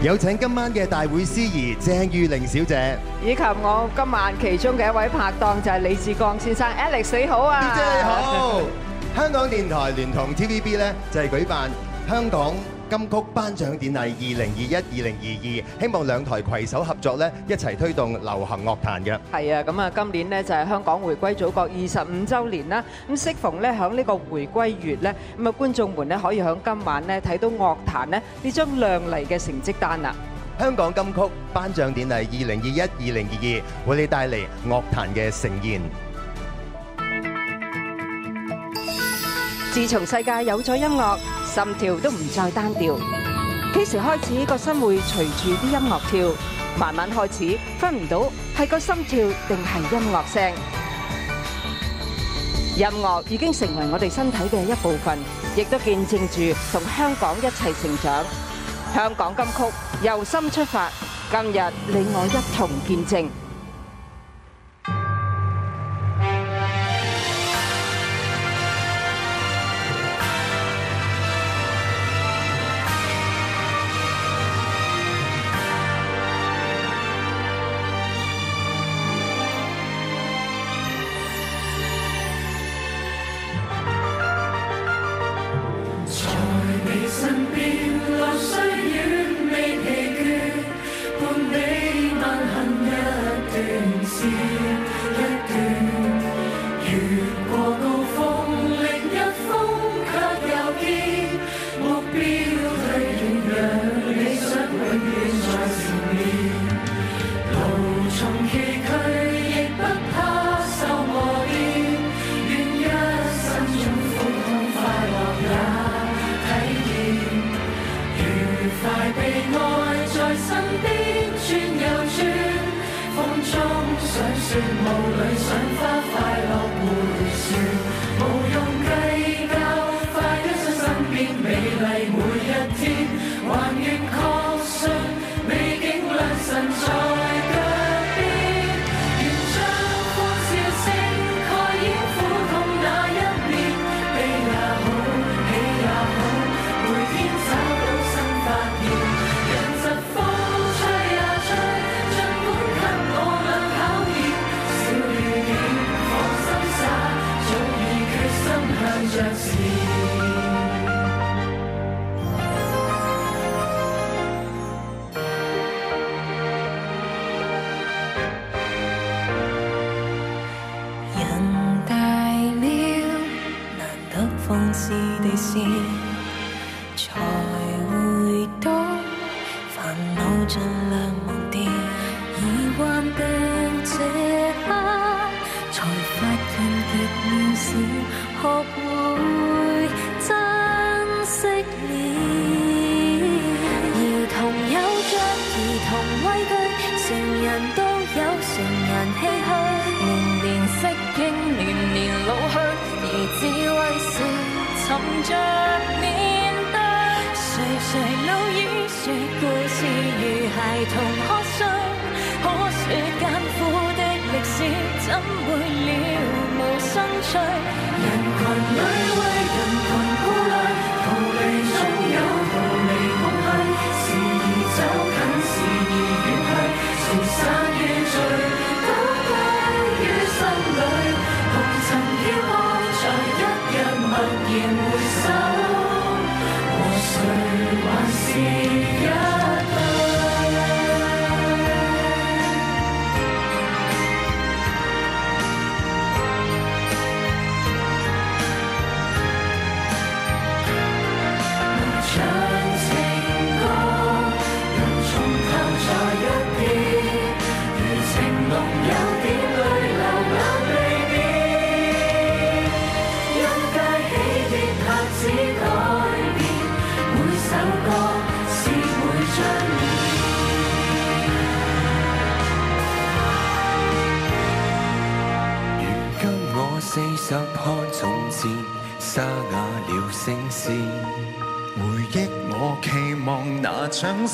有請今晚嘅大會司儀鄭裕玲小姐，以及我今晚其中嘅一位拍檔就係李志剛先生，Alex 你好啊 DJ，你好， 香港電台聯同 TVB 呢，就係舉辦香港金曲頒獎典禮二零二一二零二二，希望兩台攜手合作咧，一齊推動流行樂壇嘅係啊。咁啊，今年咧就係香港回歸祖國二十五周年啦。咁適逢咧響呢個回歸月咧，咁啊觀眾們咧可以響今晚咧睇到樂壇咧呢張亮麗嘅成績單啦。香港金曲頒獎典禮二零二一二零二二，為你帶嚟樂壇嘅盛宴。自從世界有咗音樂。心跳都唔再單調，幾時開始個心會隨住啲音樂跳？慢慢開始分唔到係個心跳定係音樂聲。音樂已經成為我哋身體嘅一部分，亦都見證住同香港一齊成長。香港金曲由心出發，今日你我一同見證。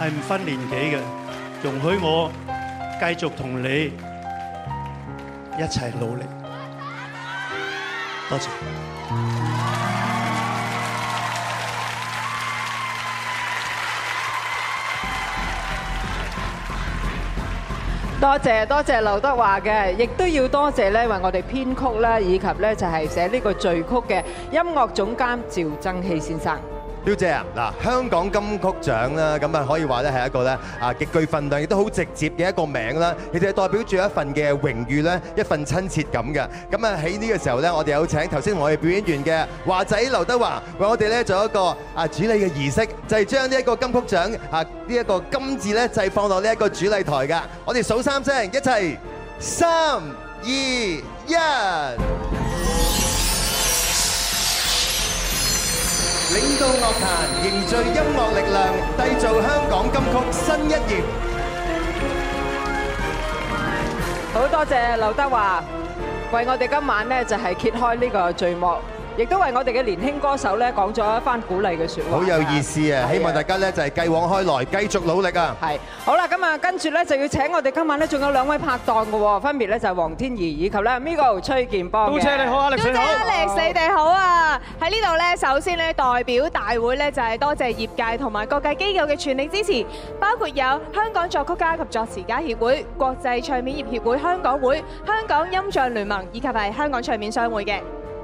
係唔分年紀嘅，容許我繼續同你一齊努力。多謝，謝，謝，多謝，多謝劉德華嘅，亦都要多謝咧，為我哋編曲啦，以及咧就係寫呢個序曲嘅音樂總監趙增熹先生。表姐啊，嗱，香港金曲獎咧，咁啊可以話咧係一個咧啊極具分量，亦都好直接嘅一個名啦，亦都係代表住一份嘅榮譽咧，一份親切感嘅。咁啊喺呢個時候咧，我哋有請頭先我哋表演完嘅華仔劉德華為我哋咧做一個啊主禮嘅儀式，就係將呢一個金曲獎啊呢一個金字咧就係放落呢一個主禮台噶。我哋數三聲，一齊三二一。領導樂壇，凝聚音樂力量，締造香港金曲新一頁。好多謝劉德華，為我哋今晚呢就係揭開呢個序幕。亦都為我哋嘅年輕歌手咧講咗一番鼓勵嘅説話，好有意思啊！希望大家咧就係繼往開來，繼續努力啊！係好啦，咁啊跟住咧就要請我哋今晚咧仲有兩位拍檔嘅喎，分別咧就係黃天頤以及咧 Miguel 崔建邦。杜姐你好啊，力水好。力水，你哋好啊！喺呢度咧，首先咧代表大會咧就係多謝業界同埋各界機構嘅全力支持，包括有香港作曲家及作詞家協會、國際唱片業協會香港會、香港音像聯盟以及係香港唱片商會嘅。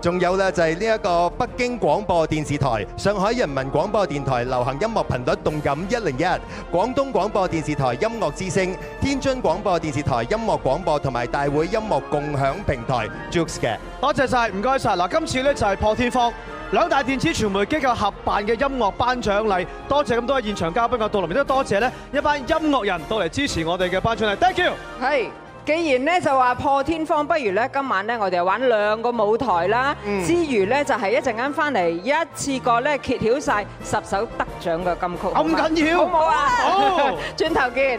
仲有呢就係呢一個北京廣播電視台、上海人民廣播電台流行音樂頻率動感一零一、廣東廣播電視台音樂之聲、天津廣播電視台音樂廣播同埋大會音樂共享平台 Jukes 嘅，多謝曬唔該曬。嗱，今次呢就係破天荒兩大電子傳媒機構合辦嘅音樂頒獎禮，多謝咁多現場嘉賓嘅到嚟，亦都多謝呢一班音樂人到嚟支持我哋嘅頒獎禮，Thank you，係。既然咧就話破天荒，不如咧今晚咧我哋就玩兩個舞台啦。嗯、之餘咧就係一陣間翻嚟一次過咧揭曉晒十首得獎嘅金曲。咁緊重要好好，好唔吧好啊？好，轉頭見。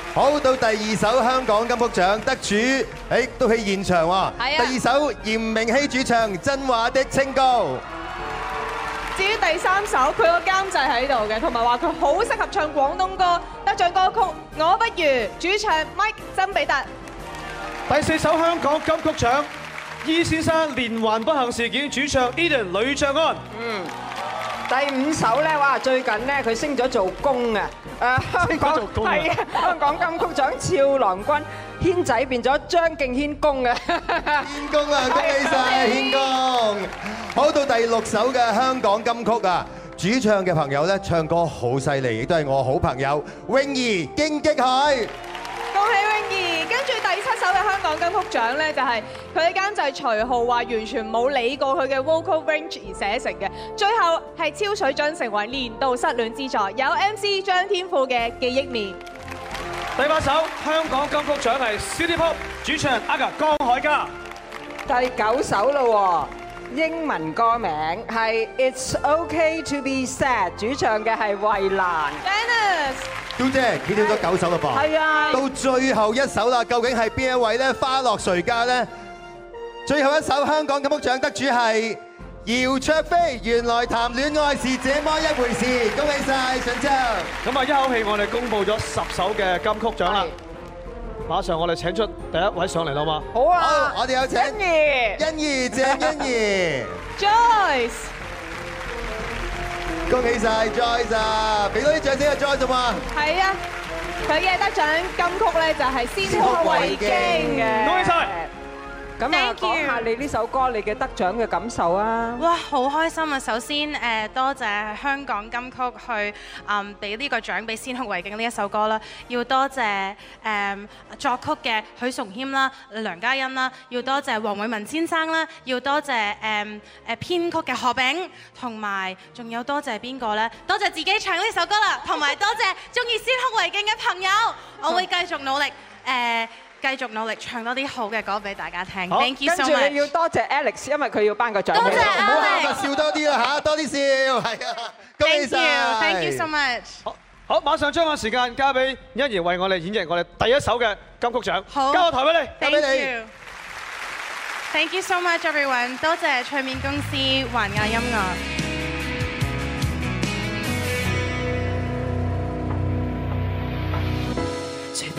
好，到第二首香港金曲獎得主，亦都喺現場喎。第二首嚴明熙主唱《真話的清高》。至於第三首，佢個監製喺度嘅，同埋話佢好適合唱廣東歌。得獎歌曲《我不如》，主唱 Mike 曾比特。第四首香港金曲獎，E 先生《連環不幸事件》，主唱 Eden 呂爵安。嗯。第五首咧，哇！最近咧佢升咗做公啊，誒香港做公係啊，香港金曲獎《俏郎君》軒仔變咗張敬軒公啊，軒公啊，恭喜晒軒公！好到第六首嘅香港金曲啊，主唱嘅朋友咧唱歌好犀利，亦都係我好朋友泳兒，勁擊佢。恭喜泳兒，跟住第七首嘅香港金曲獎咧就係佢嘅監製徐浩話完全冇理過佢嘅 vocal range 而寫成嘅，最後係超水準成為年度失戀之作，有 MC 張天賦嘅記憶棉。第八首香港金曲獎係 City Pop，主唱 AGA 江海迦。第九首咯，英文歌名係 It's OK to Be Sad，主唱嘅係衞蘭。Janice。小姐，跳咗九首啦噃，到最後一首啦，究竟係邊一位咧？花落誰家咧？最後一首香港金曲獎得主係姚卓菲，《原來談戀愛是這麼一回事》，恭喜晒，俊超。咁啊，一口氣我哋公布咗十首嘅金曲獎啦，馬上我哋請出第一位上嚟啦嘛。好啊，我哋有請欣宜，欣宜，鄭欣宜，Joyce。恭喜曬 Joyce 啊！俾多啲掌聲啊，Joyce 咋嘛？係啊，佢嘅得獎金曲咧就係《先哭為敬》嘅。恭喜曬！咁啊，講下你呢首歌你嘅得獎嘅感受啊！哇，好開心啊！首先誒，多謝香港金曲去誒俾呢個獎俾《先哭為敬》呢一首歌啦，要多謝誒作曲嘅許崇謙啦、梁嘉欣啦，要多謝黃偉文先生啦，要多謝誒誒編曲嘅何炳，同埋仲有多謝邊個咧？多謝自己唱呢首歌啦，同埋多謝鍾意《先哭為敬》嘅朋友，我會繼續努力誒。繼續努力唱多啲好嘅歌俾大家聽好。跟住你要多謝 Alex，因為佢要頒個獎多。多謝 Alex 笑多啲啦吓，多啲笑。係啊，恭喜曬。Thank you so much。好，好，馬上將個時間交俾欣怡為我哋演繹我哋第一首嘅金曲獎。好交個台俾你。t h a Thank you so much everyone。多謝唱片公司環亞音樂。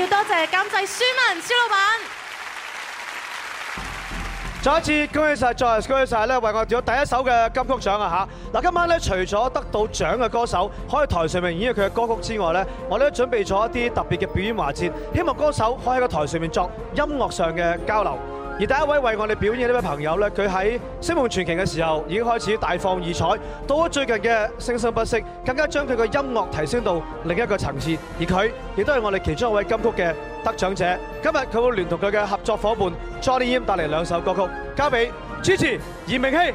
要多謝，謝監製舒文舒老闆，再一次恭喜曬，再一次恭喜曬咧，為我哋有第一首嘅金曲獎啊嚇！嗱，今晚咧除咗得到獎嘅歌手可以台上面演繹佢嘅歌曲之外咧，我哋都準備咗一啲特別嘅表演環節，希望歌手可以喺個台上面作音樂上嘅交流。而第一位為我哋表演呢位朋友呢，佢喺《聲夢傳奇》嘅時候已經開始大放異彩，到咗最近嘅《聲生不息》，更加將佢嘅音樂提升到另一個層次。而佢亦都係我哋其中一位金曲嘅得獎者。今日佢會聯同佢嘅合作伙伴 Johnny Yim 帶嚟兩首歌曲交給支，交俾 Gigi 炎明熹。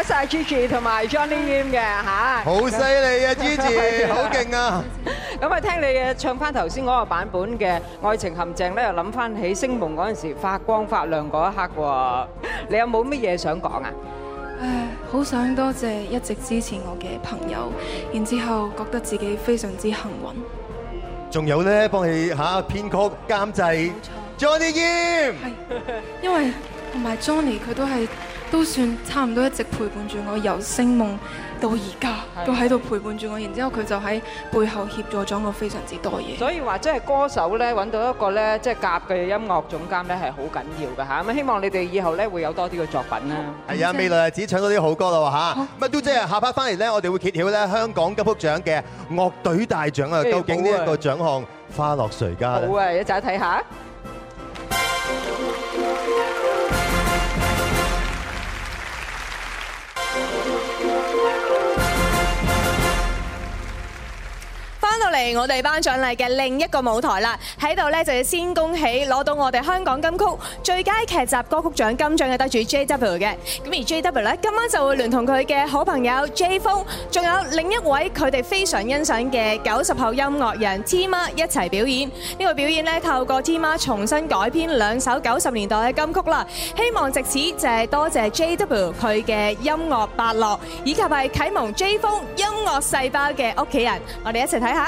多謝 Gigi 同埋 Johnny Yim 嘅吓，好犀利啊！Gigi 好勁啊！咁啊，聽你嘅唱翻頭先嗰個版本嘅《愛情陷阱》，咧又諗翻起星夢嗰陣時發光發亮嗰一刻喎。你有冇乜嘢想講啊？唉，好想多謝一直支持我嘅朋友，然之後覺得自己非常之幸運。仲有咧，幫你吓編曲監製 Johnny Yim，係因為同埋 Johnny 佢都係。都算差唔多，一直陪伴住我，由星夢到而家都喺度陪伴住我，是的 然之後佢就喺背後協助咗我非常之多嘢。所以話即係歌手咧揾到一個咧即係夾嘅音樂總監咧，係好緊要㗎嚇。咁希望你哋以後咧會有多啲嘅作品啦。係啊，未、就是、來係只唱多啲好歌咯嚇。咁啊，Doo 姐啊，下 part 翻嚟咧，我哋會揭曉咧香港金曲獎嘅樂隊大獎啊，欸、究竟呢一個獎項花落誰家？好啊，一陣睇下。到嚟我哋頒獎禮嘅另一個舞台啦，喺度咧就要先恭喜攞到我哋香港金曲最佳劇集歌曲獎金獎嘅得主 J W 嘅。咁而 J W 咧今晚就會聯同佢嘅好朋友 J 風，仲有另一位佢哋非常欣賞嘅九十後音樂人 T 媽一齊表演。呢個表演咧透過 T 媽重新改編兩首九十年代嘅金曲啦。希望借此就係多謝 J W 佢嘅音樂伯樂，以及係啟蒙 J 風音樂細胞嘅屋企人，我哋一齊睇下。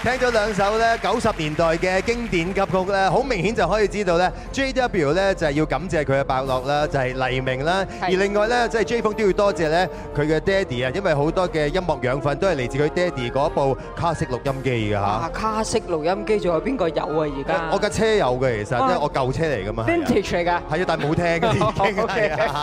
聽咗兩首咧九十年代嘅經典金曲咧，好明顯就可以知道咧，J.W. 咧就係要感謝佢嘅伯樂啦，就係黎明啦。而另外咧，即係 J.F. 都要多謝咧佢嘅爹哋啊，因為好多嘅音樂養分都係嚟自佢爹哋嗰部卡式錄音機㗎嚇。卡式錄音機仲有邊個有啊？而家我架車有嘅，其實因為我舊車嚟㗎嘛，Vintage 嚟㗎。係啊，但係冇聽。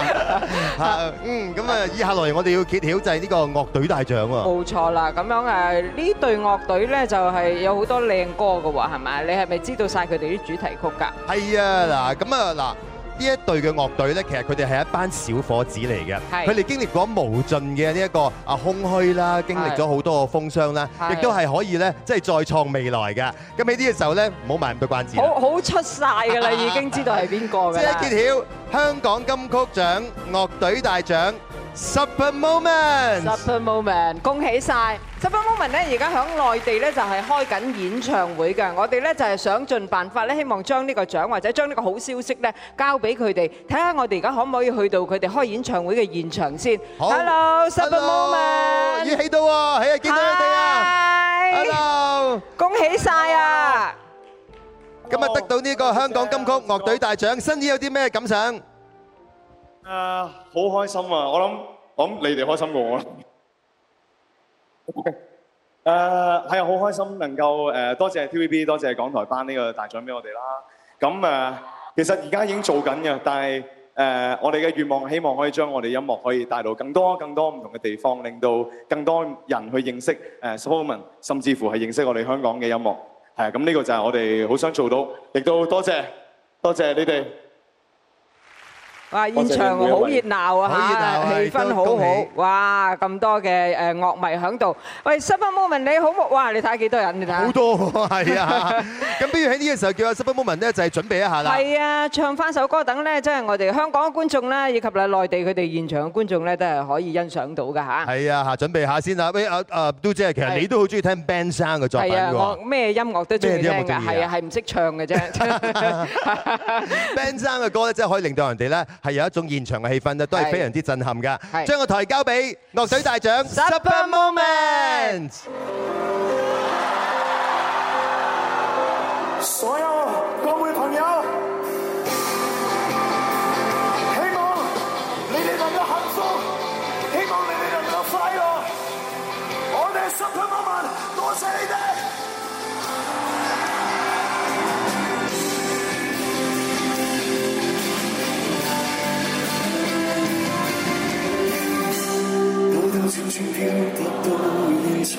嗯，咁啊，以下來我哋要揭曉就係呢個樂隊大獎啊。冇錯啦，咁樣誒，呢隊樂隊咧就。就係有好多靚歌㗎喎，係咪？你係咪知道曬佢哋啲主題曲㗎？係啊，嗱，咁啊，嗱，呢一隊嘅樂隊咧，其實佢哋係一班小夥子嚟嘅，佢哋經歷過無盡嘅呢一個啊空虛啦，經歷咗好多嘅風霜啦，亦都係可以咧，即係再創未來嘅。咁喺呢個時候咧，唔好賣咁多關子。好好出曬㗎啦，已經知道係邊個嘅。即係揭曉香港金曲獎樂隊大獎。Super Moment，Super Moment，恭喜晒！Super Moment 咧而家喺內地咧就係開緊演唱會㗎，我哋咧就係想盡辦法咧，希望將呢個獎或者將呢個好消息咧交俾佢哋，睇下我哋而家可唔可以去到佢哋開演唱會嘅現場先。Hello，Super Moment，終於起到喎，係啊，見到你哋啊，Hello，恭喜晒啊！今日得到呢個香港金曲樂隊大獎，新姨有啲咩感想？誒好開心啊！我諗，我諗你哋開心過我啦。OK。誒係啊，好開心，能夠誒多謝 TVB，多謝港台頒呢個大獎俾我哋啦。咁誒，其實而家已經做緊嘅，但係誒我哋嘅願望，希望可以將我哋音樂可以帶到更多更多唔同嘅地方，令到更多人去認識誒 Supporter，甚至乎係認識我哋香港嘅音樂。係啊，咁呢個就係我哋好想做到。亦都多謝，多謝你哋。哇！現場喎，好熱鬧啊嚇，氣氛好好。哇，咁多嘅誒樂迷喺度。喂，Supper Moment 你好，哇！你睇下幾多人？你睇下好多係啊。咁不如喺呢個時候叫阿 Supper Moment 咧，就係準備一下啦。係啊，唱翻首歌，等咧，即係我哋香港嘅觀眾咧，以及咧內地佢哋現場嘅觀眾咧，都係可以欣賞到㗎嚇。係啊，準備下先啦。喂，阿阿 Do 姐，其實你都好中意聽 Ben 生嘅作品㗎喎。係啊，咩音樂都中意聽㗎，係啊，係唔識唱嘅啫。Ben 生嘅歌咧，真係可以令到人哋咧。係有一種現場嘅氣氛都係非常之震撼㗎。將個是是 台交俾落水大獎，Super Moment，十所有各位朋友。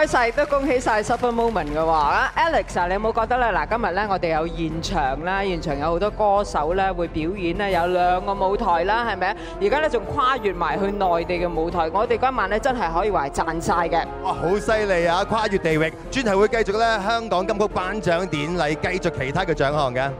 開曬都恭喜曬 Super Moment 嘅喎，Alex 啊，你有冇覺得咧？嗱，今日咧我哋有現場啦，現場有好多歌手咧會表演咧，有兩個舞台啦，係咪啊？而家咧仲跨越埋去內地嘅舞台，我哋嗰晚咧真係可以話賺曬嘅。哇，好犀利啊！跨越地域，專題會繼續咧香港金曲頒獎典禮，繼續其他嘅獎項嘅。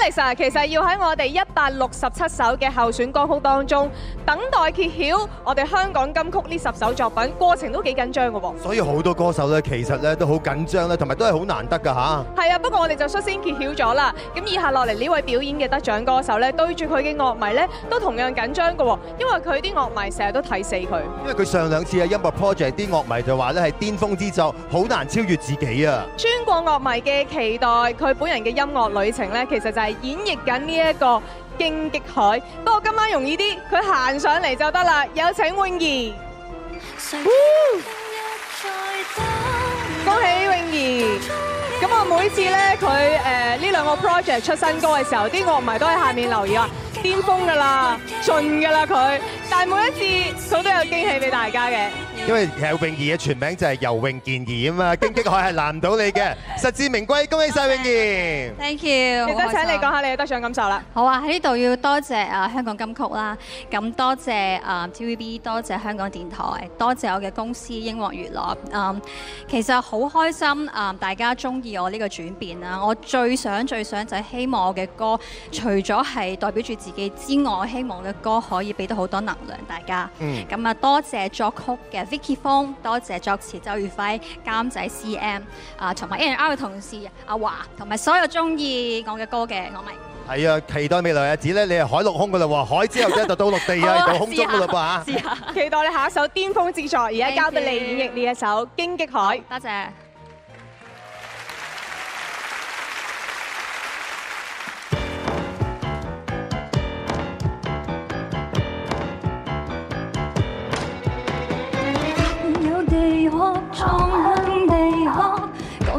Alex，其實要喺我哋一百六十七首嘅候選歌曲當中等待揭曉，我哋香港金曲呢十首作品過程都幾緊張㗎喎。所以好多歌手咧，其實咧都好緊張咧，同埋都係好難得㗎吓，係啊，不過我哋就率先揭曉咗啦。咁以下落嚟呢位表演嘅得獎歌手咧，對住佢嘅樂迷咧，都同樣緊張㗎喎，因為佢啲樂迷成日都睇死佢。因為佢上兩次嘅音樂 project 啲樂迷就話咧係巔峰之作，好難超越自己啊。穿過樂迷嘅期待，佢本人嘅音樂旅程咧，其實就係、是、～演繹緊呢一個荊棘海，不過今晚容易啲，佢行上嚟就得啦。有請泳兒， 恭喜泳兒。咁 我每次咧佢誒呢兩、呃、個 project 出新歌嘅時候，啲樂迷都喺下面留意。 巔峰噶啦，盡噶啦佢，但係每一次佢都有驚喜俾大家嘅。因為其實泳兒嘅全名就係游泳健兒啊嘛， 荊棘海係難唔到你嘅，實至名歸，恭喜晒泳兒。Thank you，好多其實 請你講下你嘅得獎感受啦。好啊，喺呢度要多謝啊香港金曲啦，咁多謝啊 TVB，多謝香港電台，多謝我嘅公司英皇娛樂。啊、嗯。其實好開心啊，大家中意我呢個轉變啦。我最想最想就係希望我嘅歌，除咗係代表住。自己之外，希望嘅歌可以俾到好多能量大家。嗯，咁啊，多謝作曲嘅 Vicky 方，多謝作詞周宇輝，監製 CM 啊，同埋 AR 嘅同事阿華，同埋所有中意我嘅歌嘅我咪係啊，期待未來日子咧，你係海陸空嘅啦，話、啊、海之後即就到陸地啊， 好到空中嘅啦噃吓。期待你下一首巔峰之作，而家交俾你 Thank you. 演繹呢一首《荊棘海》。多謝。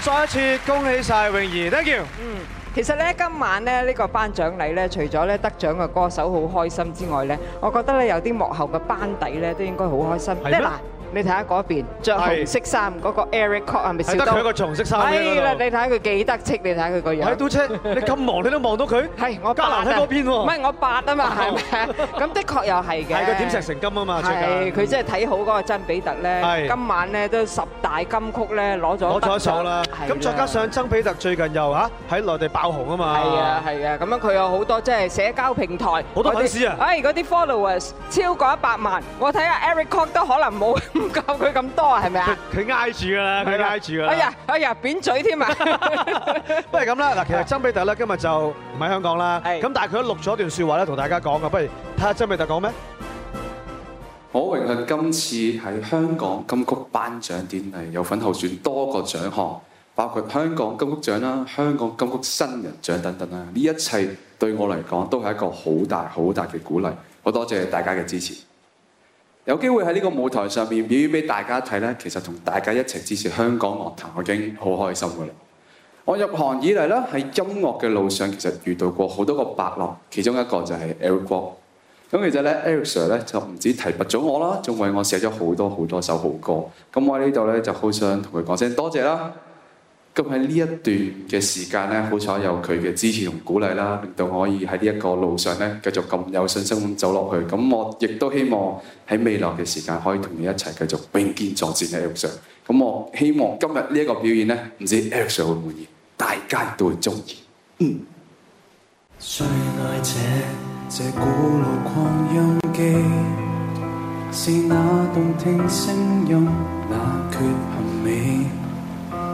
再一次恭喜晒泳兒, thank you. 嗯,其實今晚呢,這個頒獎禮呢除咗得獎嘅歌手,好開心之外呢,我覺得有啲幕後嘅班底呢,都應該好開心,係嘛?你睇下嗰邊著紅色衫嗰個 Eric Kwok 係咪小刀？係得佢一個紅色衫啦。係啦，你睇下佢幾得戚，你睇下佢個樣。係都戚，你咁忙你都望到佢。係我加難喺嗰邊喎。唔係我八啊嘛。咁的確又係嘅。係佢點石成金啊嘛，徐錦。係佢真係睇好嗰個曾比特咧。係。今晚咧都十大金曲咧攞咗。攞咗手啦。係。咁再加上曾比特最近又嚇喺內地爆紅啊嘛。係啊，係啊，咁樣佢有好多即係社交平台。好多粉絲啊！哎，嗰啲 followers 超過一百萬，我睇下 Eric Kwok 都可能冇。教佢咁多啊？係咪啊？佢挨住噶啦，佢挨住噶啦。哎呀，哎呀，扁嘴添啊！ 不如咁啦，嗱，其實曾比特咧今日就唔喺香港啦。咁但係佢都錄咗段説話咧，同大家講噶。不如睇下曾比特講咩？我榮幸今次喺香港金曲頒獎典禮有份候選多個獎項，包括香港金曲獎啦、香港金曲新人獎等等啦。呢一切對我嚟講都係一個好大好大嘅鼓勵，好多謝大家嘅支持。有機會喺呢個舞台上面表演俾大家睇呢。其實同大家一齊支持香港樂壇，我已經好開心嘅啦！我入行以嚟呢，喺音樂嘅路上其實遇到過好多個伯樂，其中一個就係 Eric，咁其實呢 Eric Sir 咧就唔止提拔咗我啦，仲為我寫咗好多好多首好歌。咁我喺呢度呢，就好想同佢講聲多謝啦！咁喺呢一段嘅時間呢，好彩有佢嘅支持同鼓勵啦，令到我可以喺呢一個路上呢，繼續咁有信心咁走落去。咁我亦都希望喺未來嘅時間可以同你一齊繼續並肩作戰喺 Alex 上。咁我希望今日呢一個表演呢，唔知 Alex 會唔會滿意，大家都會中意。嗯。最愛這這古老擴音機，是那動聽聲音，那缺憾美，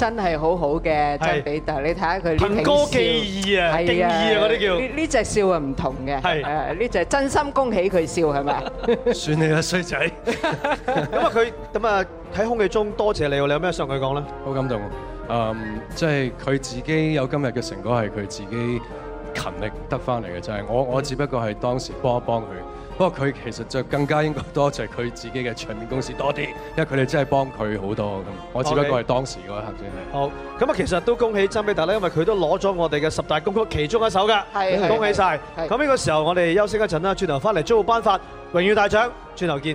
真係好好嘅，張比特，你睇下佢啲。憑歌寄意啊，係啊，嗰啲叫。呢呢隻笑啊唔同嘅，誒呢隻係真心恭喜佢笑，係咪？算你啦衰仔。咁啊佢咁啊喺空氣中多謝你，你有咩想同佢講咧？好感動，誒即係佢自己有今日嘅成果係佢自己勤力得翻嚟嘅，就係我我只不過係當時幫一幫佢。不過佢其實就更加應該多謝佢自己嘅唱片公司多啲，因為佢哋真係幫佢好多咁。我只不過係當時嗰一刻先係。好，咁啊，其實都恭喜曾比特啦，因為佢都攞咗我哋嘅十大金曲其中一首㗎，恭喜晒！咁呢個時候我哋休息一陣啦，轉頭翻嚟做頒發榮譽大獎，轉頭見。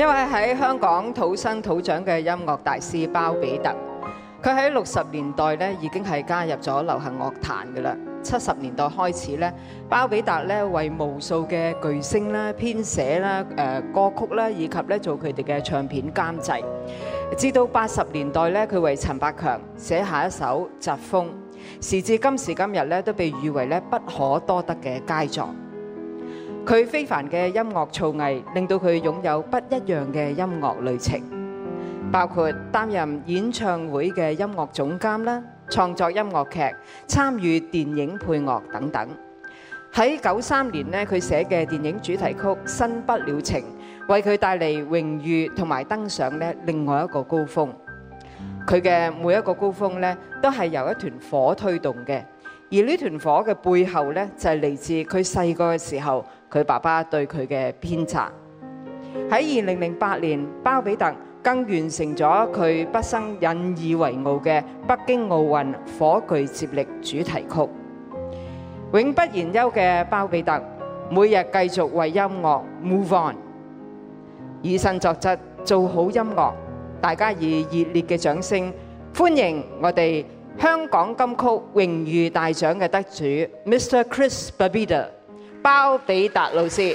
因為喺香港土生土長嘅音樂大師鮑比達，佢喺六十年代咧已經係加入咗流行樂壇嘅啦。七十年代開始咧，鮑比達咧為無數嘅巨星啦編寫啦誒歌曲啦，以及咧做佢哋嘅唱片監製。直到八十年代咧，佢為陳百強寫下一首《疾風》，時至今時今日咧都被譽為咧不可多得嘅佳作。佢非凡嘅音樂造詣，令到佢擁有不一樣嘅音樂旅程，包括擔任演唱會嘅音樂總監啦，創作音樂劇，參與電影配樂等等。喺九三年呢，佢寫嘅電影主題曲《新不了情》，為佢帶嚟榮譽同埋登上呢另外一個高峰。佢嘅每一個高峰呢，都係由一團火推動嘅。而呢團火嘅背後咧，就係、是、嚟自佢細個嘅時候，佢爸爸對佢嘅鞭策。喺二零零八年，鮑比達更完成咗佢畢生引以為傲嘅北京奧運火炬接力主題曲。永不言休嘅鮑比達，每日繼續為音樂 move on，以身作則做好音樂。大家以熱烈嘅掌聲歡迎我哋，香港金曲榮譽大獎嘅得主 Mr. Chris Babida 鮑比達老師。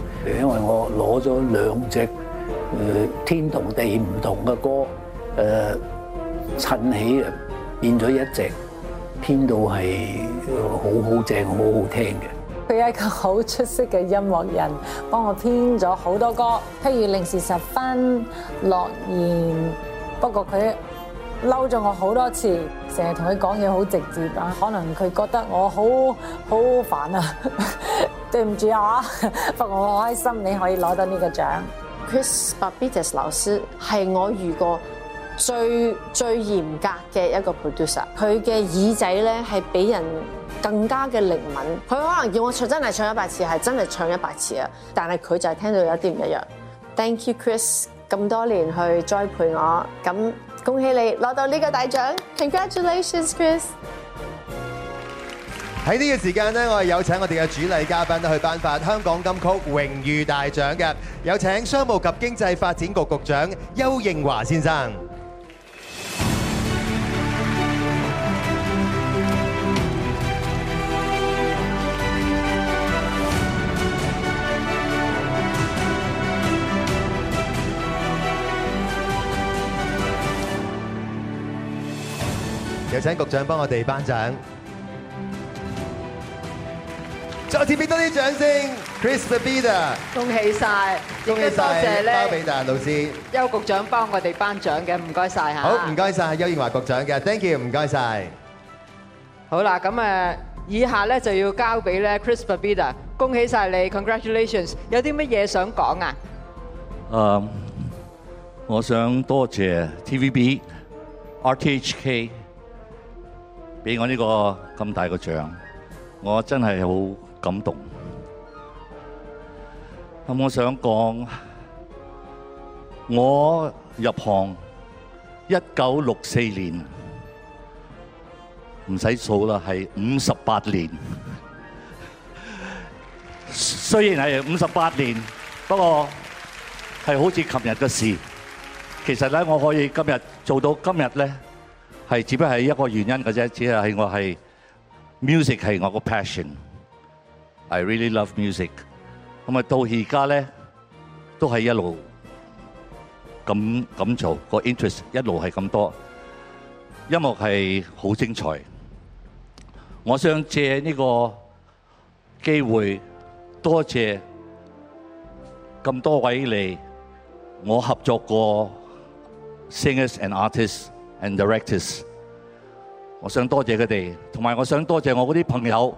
因為我攞咗兩隻誒天同地唔同嘅歌，誒襯起嘅變咗一隻編到係好好正、好好聽嘅。佢係一個好出色嘅音樂人，幫我編咗好多歌，譬如《零時十分》、《諾言》，不過佢嬲咗我好多次，成日同佢講嘢好直接啊，可能佢覺得我好好煩啊。對唔住啊，不過我好開心你可以攞到呢個獎。Chris Babida 老師係我遇過最最嚴格嘅一個 producer，佢嘅耳仔咧係比人更加嘅靈敏，佢可能叫我唱真係唱一百次係真係唱一百次啊，但係佢就係聽到有啲唔一樣。謝謝。Thank you Chris，咁多年去栽培我，咁恭喜你攞到呢個大獎。Congratulations Chris！喺呢個時間呢，我哋有請我哋嘅主禮嘉賓去頒發香港金曲榮譽大獎嘅，有請商務及經濟發展局局長邱應華先生。有請局長幫我哋頒獎。再次俾多啲掌聲，Chris Babida，恭喜曬，應該多謝咧，鮑比達老師，邱局長幫我哋頒獎嘅，唔該曬嚇。好，唔該曬，邱應樺局長嘅，thank you，唔該曬。好啦，咁誒，以下咧就要交俾咧 Chris Babida，恭喜曬你，Congratulations，有啲乜嘢想講啊？誒，我想多謝 TVB、RTHK 俾我呢個咁大個獎，我真係好～感動，咁我想講，我入行一九六四年，唔使數啦，係五十八年。雖然係五十八年，不過係好似琴日嘅事。其實咧，我可以今日做到今日咧，係只不過係一個原因嘅啫，只係係我係 music，係我個 passion。I really love music，咁啊到而家咧都係一路咁咁做個 interest 一路係咁多，音樂係好精彩。我想借呢個機會多謝咁多位嚟我合作過 singers and artists and directors，我想多謝佢哋，同埋我想多謝我啲朋友。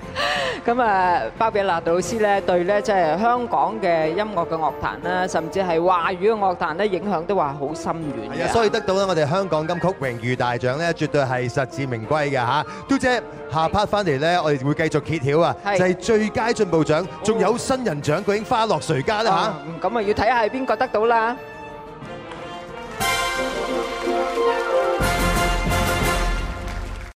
咁啊，鮑比達老師咧，對咧即係香港嘅音樂嘅樂壇啦，甚至係華語嘅樂壇咧，影響都話好深遠嘅。所以得到咧，我哋香港金曲榮譽大獎咧，絕對係實至名歸嘅吓。嘟姐，下 part 翻嚟咧，我哋會繼續揭曉啊，就係最佳進步獎，仲有新人獎，究竟花落誰家咧吓？咁啊，要睇下係邊個得到啦。